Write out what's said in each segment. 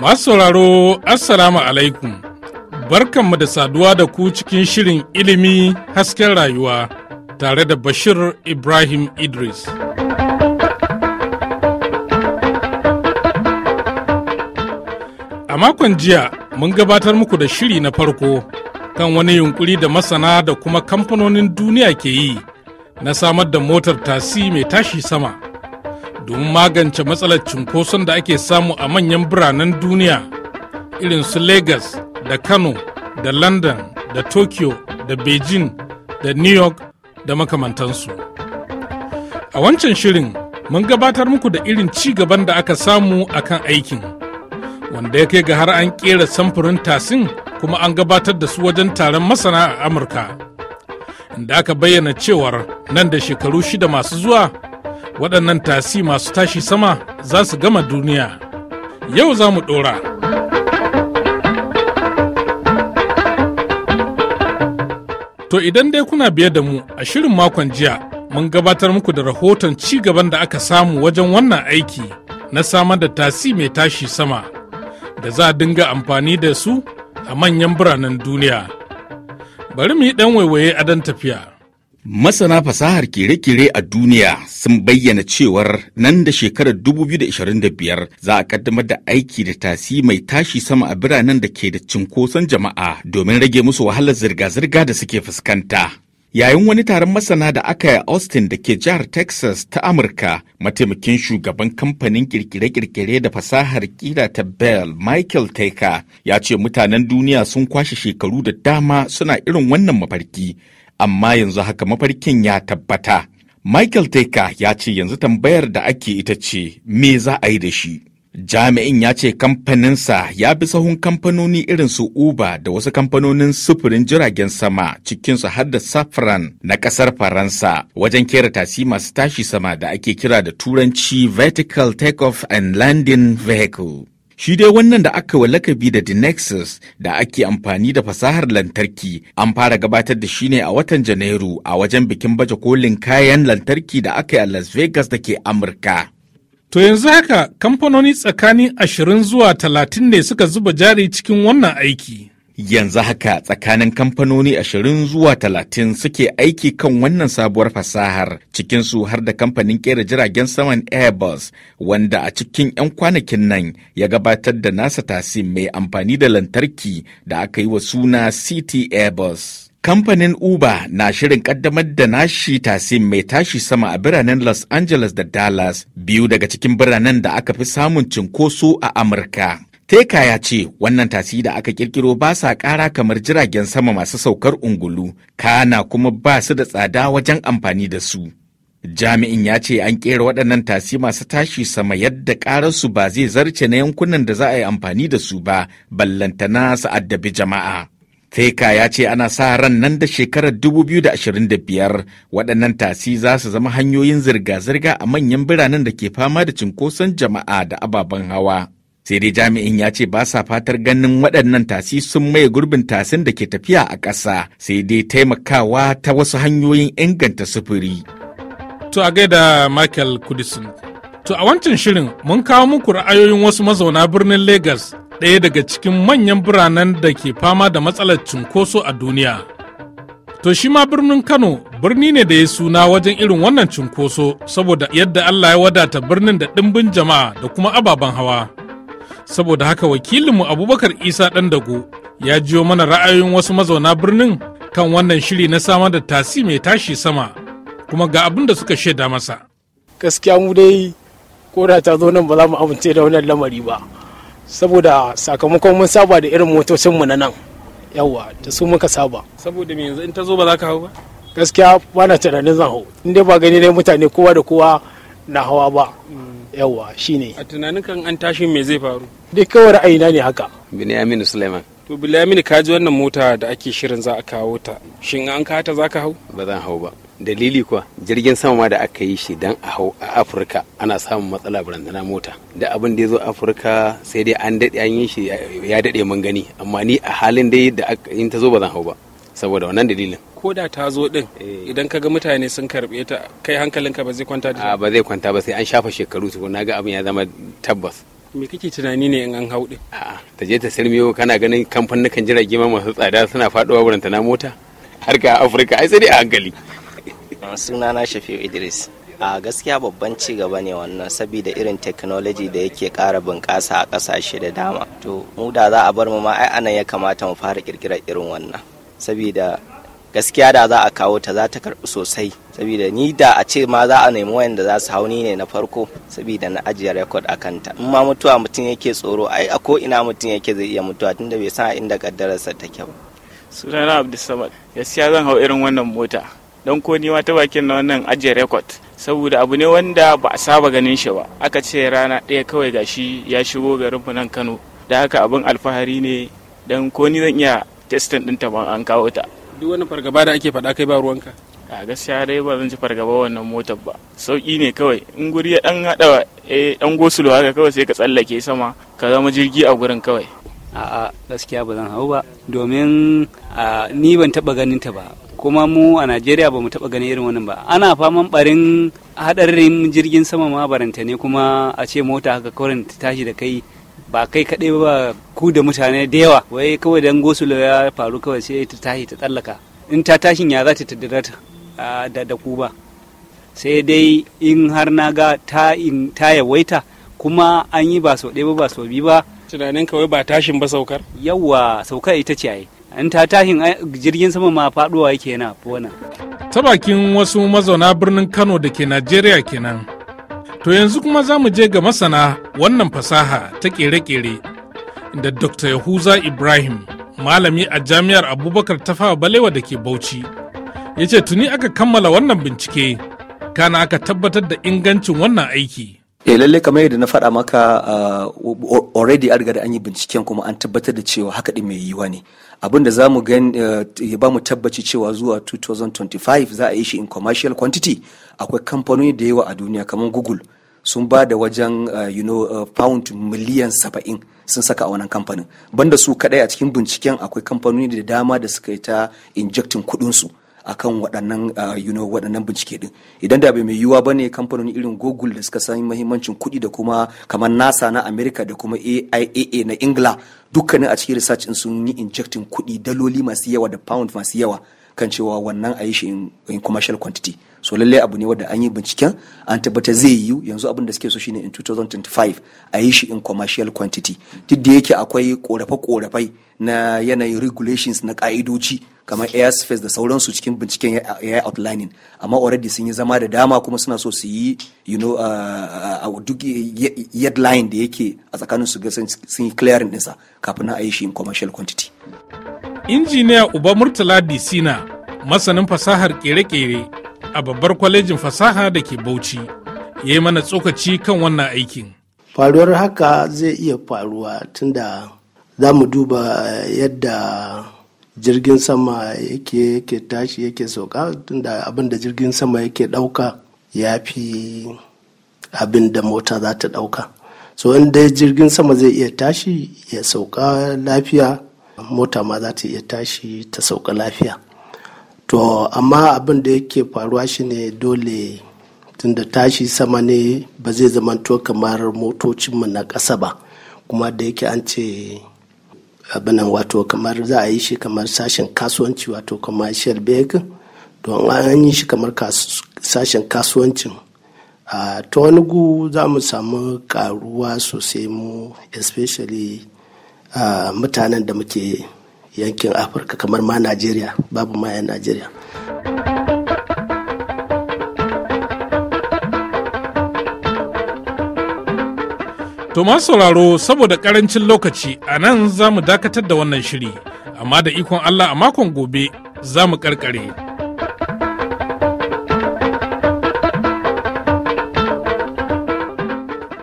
Masu sauraro Assalamu alaikum. Barkanmu da saduwa da ku cikin shirin ilimi hasken rayuwa tare da Bashir Ibrahim Idris. A makon jiya mun gabatar muku da shiri na farko kan wani yunkuri da masana da kuma kamfanonin duniya ke yi na samar da motar tasi mai tashi sama. domin magance matsalar cunkoson da ake samu a manyan biranen duniya irin su Legas da Kano da London da Tokyo da Beijing da New York da makamantansu. A wancan shirin mun gabatar muku da irin ci gaban da aka samu akan aikin wanda ya kai ga har an kera samfurin tasin kuma an gabatar da su wajen taron masana a Amurka. Inda aka bayyana cewar nan da shekaru shida masu zuwa waɗannan tasi masu tashi sama za su gama duniya yau za mu ɗora to idan dai kuna biye da mu a shirin makon jiya mun gabatar muku da rahoton ci gaban da aka samu wajen wannan aiki na samar da tasi mai tashi sama da za a dinga amfani da su a manyan biranen duniya bari mu yi ɗan waiwaye a dan tafiya Masana fasahar kere-kere a duniya sun bayyana cewar nan da shekarar 2025 za a kaddamar da aiki da tasi mai tashi sama a biranen da ke da cinkoson jama'a domin rage musu wahalar zirga-zirga da suke fuskanta. Yayin wani taron masana da aka yi a Austin da ke jihar Texas ta Amurka, mataimakin shugaban kamfanin kirkire-kirkire da fasahar kira ta Bell Michael Taker ya ce mutanen duniya sun kwashe shekaru da dama suna irin wannan mafarki. amma yanzu haka mafarkin ya tabbata. Michael Taker ya ce yanzu tambayar da ake ita ce me za a yi da shi. Jami'in ya ce kamfaninsa ya bi sahun kamfanoni irin su Uber da wasu kamfanonin sufurin jiragen sama cikinsu har da Safran na ƙasar Faransa wajen kera tasi masu tashi sama da ake kira da Turanci Vertical Takeoff and Landing Vehicle. Shi dai wannan da aka lakabi da The da ake amfani da fasahar lantarki an fara gabatar da shi ne a watan Janairu a wajen bikin baje kolin kayan lantarki da aka yi a Las Vegas da ke Amurka. To yanzu haka kamfanoni tsakanin ashirin zuwa talatin ne suka zuba jari cikin wannan aiki. Yanzu haka tsakanin kamfanoni ashirin zuwa talatin suke aiki kan wannan sabuwar fasahar cikin su har da kamfanin kera jiragen saman Airbus wanda a cikin 'yan kwanakin nan ya gabatar da nasa tasi mai amfani da lantarki da aka yi wa suna City Airbus. Kamfanin Uber na shirin kaddamar da nashi tasi mai tashi sama a biranen Los Angeles da Dallas, biyu daga cikin biranen da aka fi samun cinkoso a Amurka. Teka ya ce wannan tasi da aka kirkiro ba sa ƙara kamar jiragen sama masu saukar ungulu, kana kuma ba su da tsada wajen amfani da su. Jami'in ya ce an ƙera waɗannan tasi masu tashi sama yadda ƙararsu ba zai zarce na yankunan da za a yi amfani da su ba, ballantana su addabi jama'a. Teka ya ce ana sa ran nan da shekarar 2025 waɗannan tasi za su zama hanyoyin zirga-zirga a manyan biranen da ke fama da cinkoson jama'a da ababen hawa. sai dai jami'in ya ce ba sa fatar ganin waɗannan tasi sun maye gurbin tasin da ke tafiya a ƙasa sai dai taimakawa ta wasu hanyoyin inganta sufuri. To a gaida Michael Kudisin. To a wancan shirin mun kawo muku ra'ayoyin wasu mazauna birnin lagos ɗaya daga cikin manyan biranen da ke fama da matsalar cunkoso a duniya. To shi ma birnin Kano birni ne da ya suna wajen irin wannan cunkoso saboda yadda Allah ya wadata birnin da ɗimbin jama'a da kuma ababen hawa. saboda haka wakilinmu abubakar isa ɗan dago ya jiyo mana ra'ayoyin wasu mazauna birnin kan wannan shiri na samar da tasi mai tashi sama kuma ga abin da suka shaida masa gaskiya mu dai ko da ta zo nan ba za mu amince da wannan lamari ba saboda sakamakon mun saba da irin motocinmu na nan yawa da su muka saba saboda me yanzu in ta zo ba za ka hau ba gaskiya ba na tunanin zan hau in dai ba gani dai mutane kowa da kowa na hawa ba yawa ne a tunanin kan an tashi me zai faru dai kawar aina ne haka Binyamin Suleiman to Binyamin ka ji wannan mota da ake shirin za a kawo ta shin an kawo ta ka hau ba zan hau ba dalili kuwa jirgin sama ma da aka yi shi dan a hau a afirka ana samun matsala barandana mota da abin da ya zo afirka sai dai an daɗe an yi shi ya daɗe mun gani amma ni a halin dai da in ta zo ba zan hau ba saboda wannan dalilin ko da ta zo din eh. idan ka ga mutane sun karbe ta kai hankalinka ba zai kwanta da ba zai kwanta ba sai an shafa shekaru su na ga abin ya zama tabbas me kake tunani ne in an hau din a'a ta je ta sirmiyo kana ganin kamfanin jirage ma masu tsada suna faduwa wurin na mota har ga afirka ai sai dai a hankali Suna na shafi idris a gaskiya babban ci gaba ne wannan saboda irin technology da yake kara bunƙasa a ƙasashe da dama to mu da za a bar mu ma ai anan ya kamata mu fara ƙirƙirar irin wannan saboda gaskiya da za a kawo ta za ta karbi sosai saboda ni da a ce ma za a nemi wayanda za su hauni ne na farko saboda na ajiye rekod a kanta in ma mutuwa mutum yake tsoro ai a ko ina mutum yake zai iya mutuwa tunda bai san inda kaddararsa ta kyau sunana abdulsamad gaskiya zan hau irin wannan mota don ko ni ma ta bakin na wannan ajiye rekod saboda abu ne wanda ba a saba ganin shi ba aka ce rana ɗaya kawai gashi ya shigo garin nan kano da haka abin alfahari ne don ko ni zan iya testin ɗinta ba an kawo ta duk wani fargaba da ake faɗa kai ba ruwanka a gaskiya dai ba zan ci fargaba wannan motar ba sauki ne kawai in guri ya dan hada eh dan gosulo haka kawai sai ka tsallake sama ka zama jirgi a gurin kawai a'a gaskiya ba zan hau ba domin ni ban taba ganin ta ba kuma mu a Najeriya ba mu taba ganin irin wannan ba ana faman barin hadarin jirgin sama ma baranta ne kuma a ce mota haka kawai tashi da kai ba kai kaɗai ba ku da mutane da yawa wai kawai dan gosulo ya faru kawai sai ta tashi ta tsallaka in ta tashin ya za ta taddara da da ku ba sai dai in har na ga ta in ta yawaita kuma an yi ba sau ɗaya ba ba sau biyu ba tunanin kawai ba tashin ba saukar yawa saukar ita ce ai in ta tashin jirgin sama ma faɗuwa yake na fona ta bakin wasu mazauna birnin Kano da ke Najeriya kenan To yanzu kuma za mu je ga masana wannan fasaha ta kere-kere da Dr. Yahuza Ibrahim, malami a jami'ar Abubakar Tafawa Balewa da ke Bauchi. Ya ce tuni aka kammala wannan bincike, kana aka tabbatar da ingancin wannan aiki. eh lalle kamar yadda na faɗa maka ah, already an riga da an yi binciken kuma an tabbatar da cewa haka ɗin mai yiwa ne abin da za mu gan eh, ya ba mu tabbaci cewa zuwa 2025 za a yi shi in commercial quantity akwai kamfanoni da yawa a duniya kamar google sun ba da wajen eh, you know eh, pound miliyan saba'in sun saka a wannan kamfanin banda su kadai a cikin binciken akwai kamfanoni da dama da suka yi ta injecting su akan waɗannan ah, you know waɗannan bincike ɗin idan da bai mai yiwuwa ba ne kamfanoni irin google da suka san mahimmancin kuɗi da kuma kamar nasa na america da kuma aiaa na ingila dukkanin a cikin research in sun yi injecting kuɗi daloli masu yawa da pound masu yawa kan cewa wannan a yi shi in commercial quantity so lalle abu ne wanda an yi binciken an tabbata zai yiwu yanzu abin da suke so shine in 2025 a yi shi in commercial quantity duk da yake akwai korafe-korafai na yanayin regulations na ka'idoci kamar airspace da sauransu cikin binciken ya yi outlining amma already sun yi zama da dama kuma suna so su yi you know a uh, uh, uh, duk yadline da yake a tsakanin su ga sun yi clearing ɗinsa kafin a yi shi in commercial quantity injiniya uba murtala disina masanin fasahar kere-kere a babbar kwalejin fasaha da ke Bauchi ya yi mana tsokaci kan wannan aikin. Faruwar haka zai iya faruwa tunda za mu duba eh, yadda jirgin sama yake yake tashi yake sauka tunda abin da jirgin sama yake ɗauka ya fi abin da mota za ta ɗauka. So inda jirgin sama zai iya tashi ya sauka lafiya mota ma za ta iya tashi ta sauka lafiya. to amma abin da yake faruwa shi ne dole tunda tashi sama ne ba zai zamanto kamar motocinmu na ƙasa ba kuma da yake an ce abinan wato kamar za a yi shi kamar sashen kasuwanci wato commercial bag to an yi shi kamar sashen kasuwancin ta wani gu za mu samu karuwa sosai mu especially mutanen da muke yankin afirka kamar ma najeriya babu ma 'yan najeriya To masu sauraro saboda karancin lokaci a nan za mu dakatar da wannan shiri, amma da ikon Allah a makon gobe za mu karkare.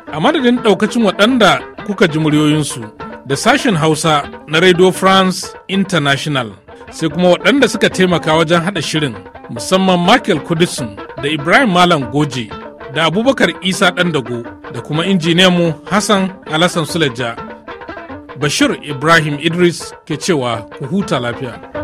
A madadin ɗaukacin waɗanda kuka ji muryoyinsu da sashen Hausa na Radio France International sai kuma waɗanda suka taimaka wajen haɗa shirin musamman Michael Kudisun da Ibrahim Malam Goje da Abubakar Isa Ɗandago da kuma mu Hassan Alassan Suleja. Bashir Ibrahim Idris ke cewa ku huta lafiya.